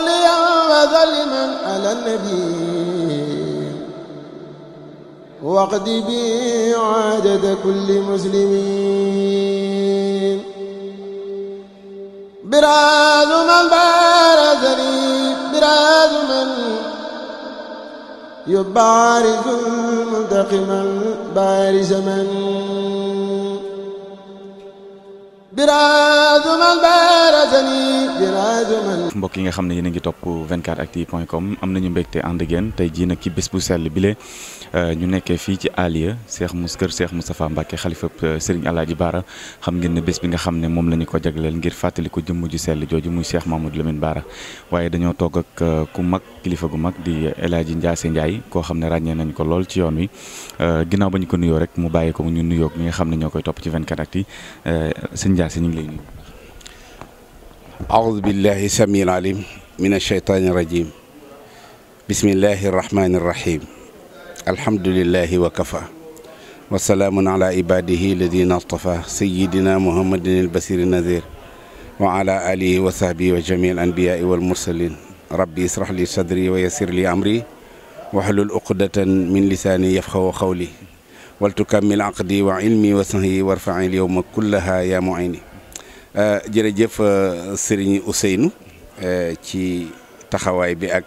صاليا وظلما على النبي واقض بي عدد كل مسلمين براز من بارزني براز من يبارز منتقما بارز من mbokk yi nga xam ne yéen a ngi topp 24actu point com am nañu mbégte ànd ak yéen tey jii nag ci bés bu sell bile euh, ñu nekkee fii ci Aliya seex mu kër Cheikh Moustapha Mbacke xalifa euh, Serigne Alaaji Baara xam ngeen ne bés bi nga xam ne moom la ñu ko jagleel ngir fàttali ko jëmm ju sell jooju muy Cheikh Mamadou Lamine Baara waaye dañoo toog euh, ku mag kilifa gu mag di El Hadji Ndiasse Ndiaye koo xam ne ràññee nañ ko lool ci yoon wi ginnaaw ba ñu ko nuyoo rek mu bàyyi ko ñu nuyoo ñi nga xam ne ñoo koy topp ci 24actu sëñ Ndiaye ñu ngi lay nuyu. aoudu billahi samiil alim min ashaytaani rajim bismillahi rahmaani rahim alhamdulillahi wa kafa wa salaamun ala ibadihi alladina irtafa sayidina muhammadin albasiri nazir wa ala alihi wa sahbihi wa jami al anbiyai wal mursalin rabbi israh li sadri wa yassir li amri wahlul uqdatan min lisaani yafqahu qawli wal tukammil aqdi wa ilmi wa sahyi warfail yowma kullaha yaa muini euh, jërëjëf euh, sëriñ Ousseynou euh, ci taxawaay bi ak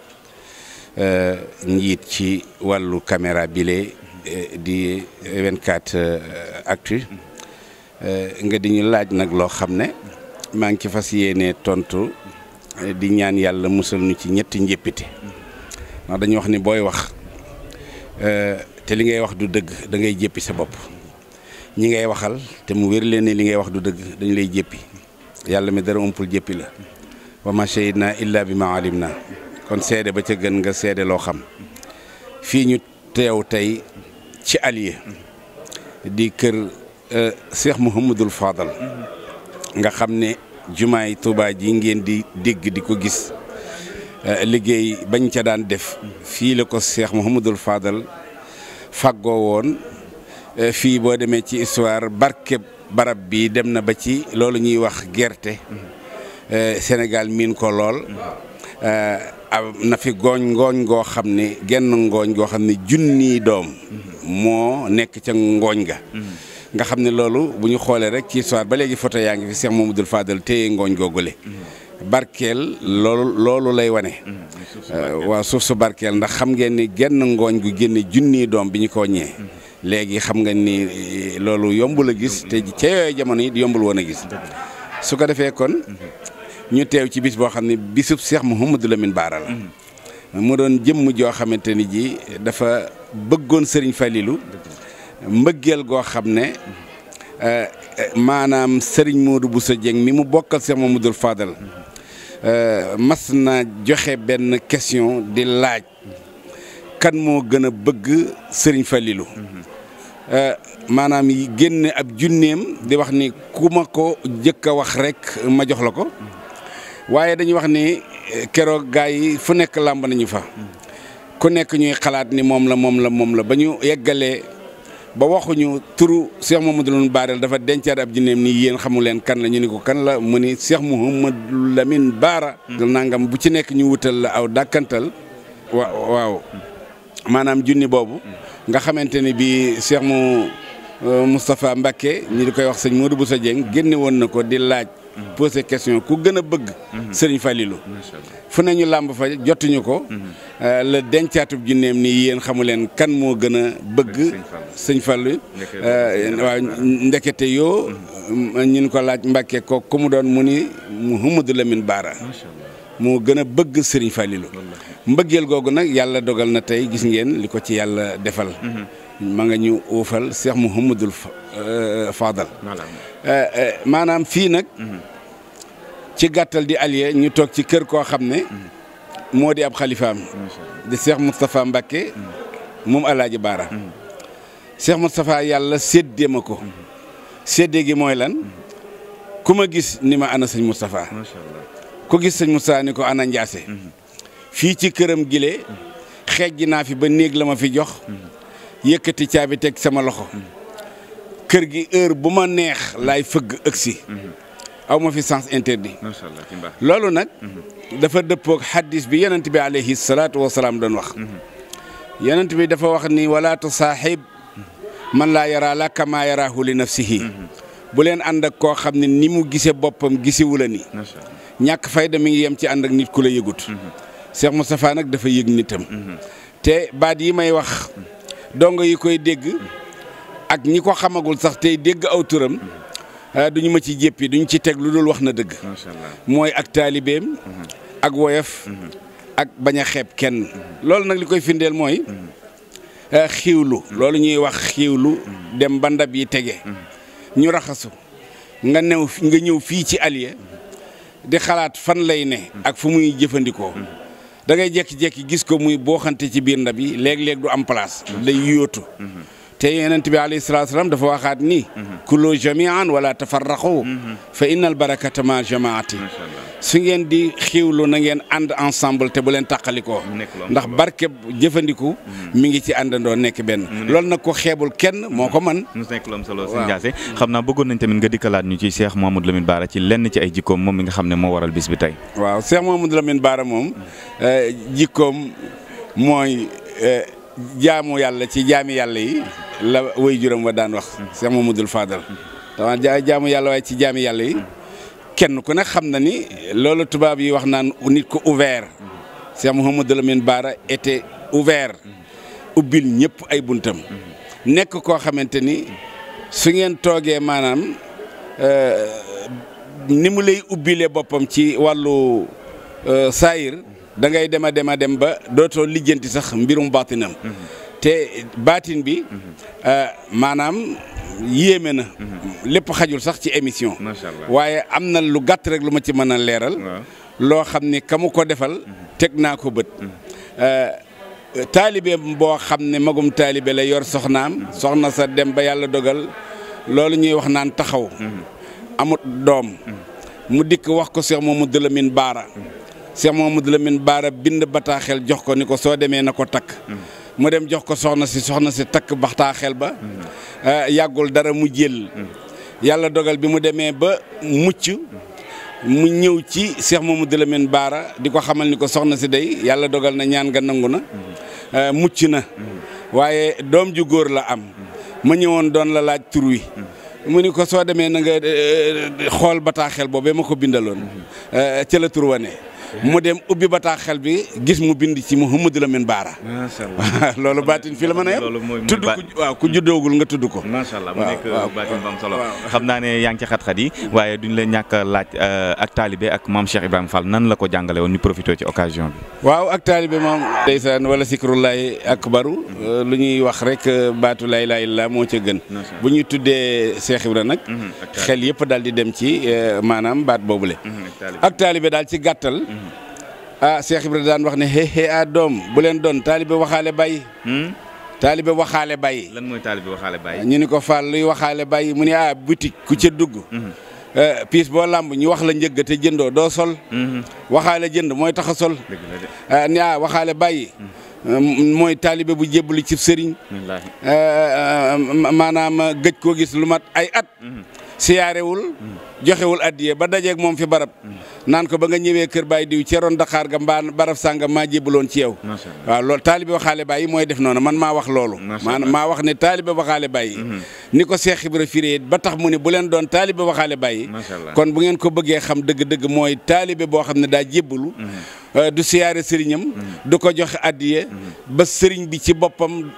njiit ci wàllu caméra bile di 24 actu nga di ñu laaj nag loo xam ne maa ngi ci fas yéene tontu di ñaan yàlla musal ñu ci ñetti njëppite ndax dañu wax ni booy wax. te li ngay wax du dëgg da ngay jéppi sa bopp ñi ngay waxal te mu wér leen ne li ngay wax du dëgg dañu lay jéppi yàlla mi dara umpul jéppi la wa ma shahidna illa bi ma alim na kon seede ba ca gën nga seede loo xam fii ñu teew tey ci Alieu di kër euh, Cheikh Mouhamadul Fadal nga xam ne yi Touba yi ngeen di dégg di ko gis euh, liggéey bañ ca daan def fii la ko seex Cheikh Mouhamadul faadal faggoo woon eh, fii boo demee ci histoire barke barab bii dem na ba ci loolu ñuy wax gerte eh, senegal miin ko lool eh, na fi gooñ ngooñ goo xam ne genn ngooñ goo xam ne junni doom moo nekk ca ngooñ ga nga xam ne loolu bu ñu xoolee rek ci histoire ba léegi foto yaa ngi fi Cheikh Mamadou Fadal téye ngooñ googule barkeel loolu loolu lay wane. Mm-hmm. Euh, waa suuf su barkeel ndax xam ngeen ni genn ngooñ gu génne junni doom bi ñu ko ñee mm-hmm. léegi xam nga ni e, loolu yombul a gis te ca yooyu jamono yi di yombul woon a gis su ko defee kon mm-hmm. ñu teew ci biis boo xam ne bisub Cheikh Mouhamadou Lamine Bara la mu doon jëmm joo xamante ni ji dafa bëggoon Serigne Falilou mbëggeel goo xam ne euh, euh, maanaam Serigne bu sa Dieng mi mu bokkal Cheikh Mouhamadou faadal Euh, mas na joxe benn question di laaj kan moo gën a bëgg sëriñ fa Falilou mm-hmm. euh, maanaam génn ab junneem di wax ni ku ma ko jëkk a wax rek ma jox la ko mm-hmm. waaye dañuy wax ni euh, keroog gaa yi fu nekk làmb nañu fa mm-hmm. ku nekk ñuy xalaat ni moom la moom la moom la ba ñu yeggalee ba waxuñu turu Cheikh Mamadou Baareel dafa dencaat ab jinneem nii yéen xamu leen kan la ñu ni ko kan la mu ni mu Mouhamadou lamin Baara. Hmm. nangam bu ci nekk ñu wutal la aw dàkkantal. wa waaw maanaam junni boobu. Hmm. nga xamante ni bii Cheikh mu euh, Moustapha Mbacke ñu di koy wax sëñ Modou Bousso Dieng génne woon na ko di laaj. posé question ku gën a bëgg. sëriñ Falilou. fu nañu làmb fa jotuñu ko. Euh, la dencaatub jinneem nii yéen xamu leen kan moo gën a bëgg. sëñ Fallu euh, waaw ndekete yoo. Mm-hmm. ñun ko laaj Mbàkke ko ku mu doon mu ni Mouhamadou Lamine Baara. moo gën a bëgg sëriñ Falilou. mbëggeel googu nag yàlla dogal na tey gis ngeen li ko ci yàlla defal. Mm-hmm. ma nga ñu uufal Cheikh Mouhamadul euh, Fadal. Euh, euh, maanaam fii nag. ci gàttal di allié ñu toog ci kër koo xam ne. moo di ab xalifaam. di Cheikh Moustapha Mbacke. moom Alaaji Baara. Cheikh Moustapha yàlla séddee ma ko. séddee gi mooy lan. ku ma gis ni ma ana sëñ Moustapha. macha gis sëñ Moustapha ni ko ana Ndiasse. Mhm. fii ci këram gile. xeej naa fi ba néeg la ma fi jox. Mhm. yëkkati caabi teg sama loxo kër gi heure bu ma neex laay fëgg ëgsi aw ma fi sens interdit loolu nag mhm. dafa dëppoog xaddis bi yonent bi alayhi salaatu wasalaam doon wax mhm. yonent bi dafa wax ni wala tusaaxib man laa yaraa la kama yaraahu li nafsihi mhm. bu leen ànd ak koo xam ne ni mu gisee boppam gisewu la ni ñàkk fayda mi ngi yem ci ànd ak nit ku la yëgut Cheikh Moustapha nag dafa yëg nitam te baat yi may wax dongo yi koy dégg ak ñi ko xamagul sax tey dégg aw turam ah, duñu ma ci jéppi duñu ci teg lu dul wax na dëgg mooy ak taalibeem mhm. ak woyof mhm. ak bañ a xeeb kenn mhm. loolu nag li koy findeel mooy ah, xiiwlu loolu ñuy wax xiiwlu dem ba ndab yi tege ñu raxasu nga new nga ñëw fii ci Alieu di xalaat fan lay ne ak fu muy jëfandikoo dangay jékki-jékki gis ko muy boo xante ci biir ndab yi léeg-léeg du am place. day yóotu. te yonent bi alayhi salaatu salaam dafa waxaat ni. kullu jamian wala tafarraqu fa innal barakata ma jamaati su ngeen di xiiwlu na ngeen ànd ensemble te bu leen tàqalikoo ndax barke jëfandiku mu mhm. ngi ci andandoo nekk benn loolu nag ko xeebul kenn moo ko man mu nekk lu solo sëñ xam naa bëggoon nañ tamit nga laat ñu ci Cheikh Mouhamadou Lamine Bara ci lenn ci ay jikkoom moom mi nga xam ne moo waral bis bi tey waaw Cheikh Mouhamadou Lamine moom eh, jikkoom mooy eh, jaamu yàlla ci jaami yàlla yi la way juróom wa daan wax Cheikh Mamadou faadal dama jaamu yàlla waaye ci jaami yàlla yi kenn ku ne xam na ni loolu tubaab yi wax naan nit ko ouvert Cheikh Mouhamadou Lamine Bara était ouvert ubbil ñëpp ay buntam nekk koo xamante ni su ngeen toogee maanaam euh, ni mu lay ubbilee boppam ci wàllu euh, saayir da ngay dem dem a dem ba dootoo lijjanti sax mbirum baatinam te baatin bi euh, maanaam yéeme na lépp xajul sax ci émission waaye am na lu gàtt rek lu ma ci mën a leeral loo xam ni kamu ko defal teg naa ko bët euh, taalibe boo xam ne magum taalibe la yor soxnaam soxna sa dem ba yàlla dogal loolu ñuy wax naan taxaw mm-hmm. amut doom mm-hmm. mu dikk wax ko si Seex Mamadu Lamin Baara Cheikh Mamadou Lamine Baara bind bataaxel jox ko ni ko soo demee na ko takk. Mm. mu dem jox ko soxna si soxna si takk bataaxel ba. Mm. Ah, yàggul dara mu jël. Mm. yàlla dogal bi mu demee ba mucc. mu ñëw ci Cheikh Mamadou Lamine Baara di ko xamal ni ko soxna si day yàlla dogal na ñaan nga nangu na. Ah, mucc na. waaye doom ju góor la am. ma ñëwoon doon la laaj tur wi. mu ni ko soo demee na nga eh, eh, xool bataaxel boobee ma ko bindaloon. Ah, ca la tur wane. mu dem ubbi ba xel bi gis mu bind ci mu Mouhamadou Lamine Baara. macha allah loolu baatin fi la mën a yem tudd ko waaw ku juddoogul nga tudd ko. macha allah mu nekk baatin xam naa ne yaa ngi ci xat-xat yi waaye duñ la ñàkk a laaj euh, ak taalibe ak maam Cheikh Ibrahima Fall nan la ko jàngale woon ñu profité ci occasion waaw ak taalibe moom. ndeysaan wala sikrullahi akbaru euh, lu ñuy wax rek euh, baatu lay laay illallaah moo ca gën. bu ñuy tuddee Cheikh Ibra nag. Mm-hmm, xel yëpp daal di dem ci maanaam baat boobule. Mm-hmm, ak taalibe daal ci gàttal. Mm-hmm. ah Cheikh Ibrahima daan wax ne hee a ah, doom bu leen doon taalibe waxaale bay. Hmm? taalibe waxaale bay. lan mooy taalibe waxaale bay. Ah, ñu ni ko Fall luy waxaale bay mu ne ah boutique ku ca dugg. Hmm. Eh, piis boo làmb ñu wax la njëgg te jëndoo doo sol. Hmm. waxaale jënd mooy tax a sol. Eh, ni ah waxaale bay eh, mooy taalibe bu jébbalu ci sëriñ. maanaam gëj koo gis lu mat ay at. siyaarewul joxewul addiye ba dajeeg moom fi barab naan ko ba nga ñëwee kër baay diw ci roon ga mbaa barab sàngam maa jébbaloon ci yow waaw loolu taalibe waxaale baay yi mooy def noonu man maa wax loolu maanaam maa wax ne taalibe waxaale baay yi mhm. ni ko Seex Ibra firee ba tax mu ne bu leen doon taalibe waxaale baay yi kon bu ngeen ko bëggee xam dëgg-dëgg mooy taalibe boo xam ne daa jébbalu mhm. euh, du siyaare sëriñam mhm. du ko jox addiye ba sëriñ bi ci boppam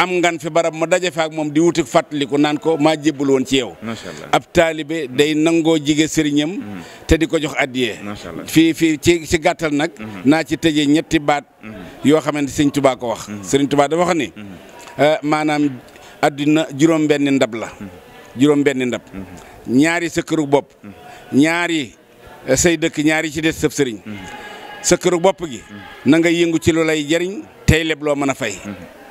am ngan fi barab ma daje faak moom di wuti fàttaliku naan ko maa jébbal woon ci yow ab taalibe day nangoo jige sëriñam mm-hmm. te di ko jox addiyee fii fii ci ci gàttal nag mm-hmm. naa ci tëje ñetti baat mm-hmm. yoo xamante sëriñ tubaa ko wax sëriñ tubaa dafa wax ni eh, maanaam adduna juróom benni ndab la juróom benni ndab ñaari sa këru bopp ñaari eh, say dëkk ñaari ci des sëriñ sa këru bopp gi na nga yëngu ci lu lay jariñ tey lebloo mën a fay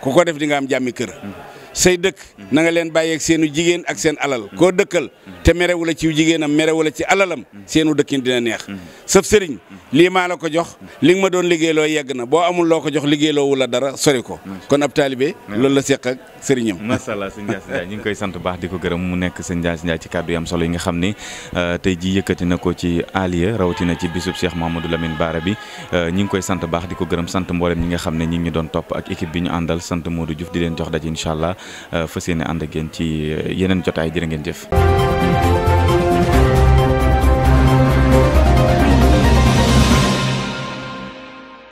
ko ko def di nga am jàmmi kër mm. say dëkk mm. na nga leen bàyyeeg seenu jigéen ak seen alal mm. koo dëkkal te merewu la ci jigéenam merewu la ci alalam seenu dëkkin dina neex mm-hmm. sëf sëriñ lii maa la ko jox mm-hmm. li nga ma doon liggéeyloo yegg na boo amul loo ko jox liggéeyloowu la dara sori ko mm-hmm. kon ab taalibe loolu la seq ak sëriñam macha allah sëñ Ndiass ñu ngi koy sant baax di ko gërëm mu nekk sëñ Ndiass Ndiaye ci kàddu yam solo yi nga xam ni euh, tey ji yëkkati na ko ci aliya rawatina ci bisub Cheikh du Lamine Baara bi euh, ñi ngi koy sant baax di ko gërëm sant mboolem ñi nga xam ne ñi ngi doon topp ak équipe bi ñu àndal sant Modou Diouf di leen jox daj incha allah euh, fas yéene ànd ak yéen ci yeneen jotaay jërë ngeen jëf thank you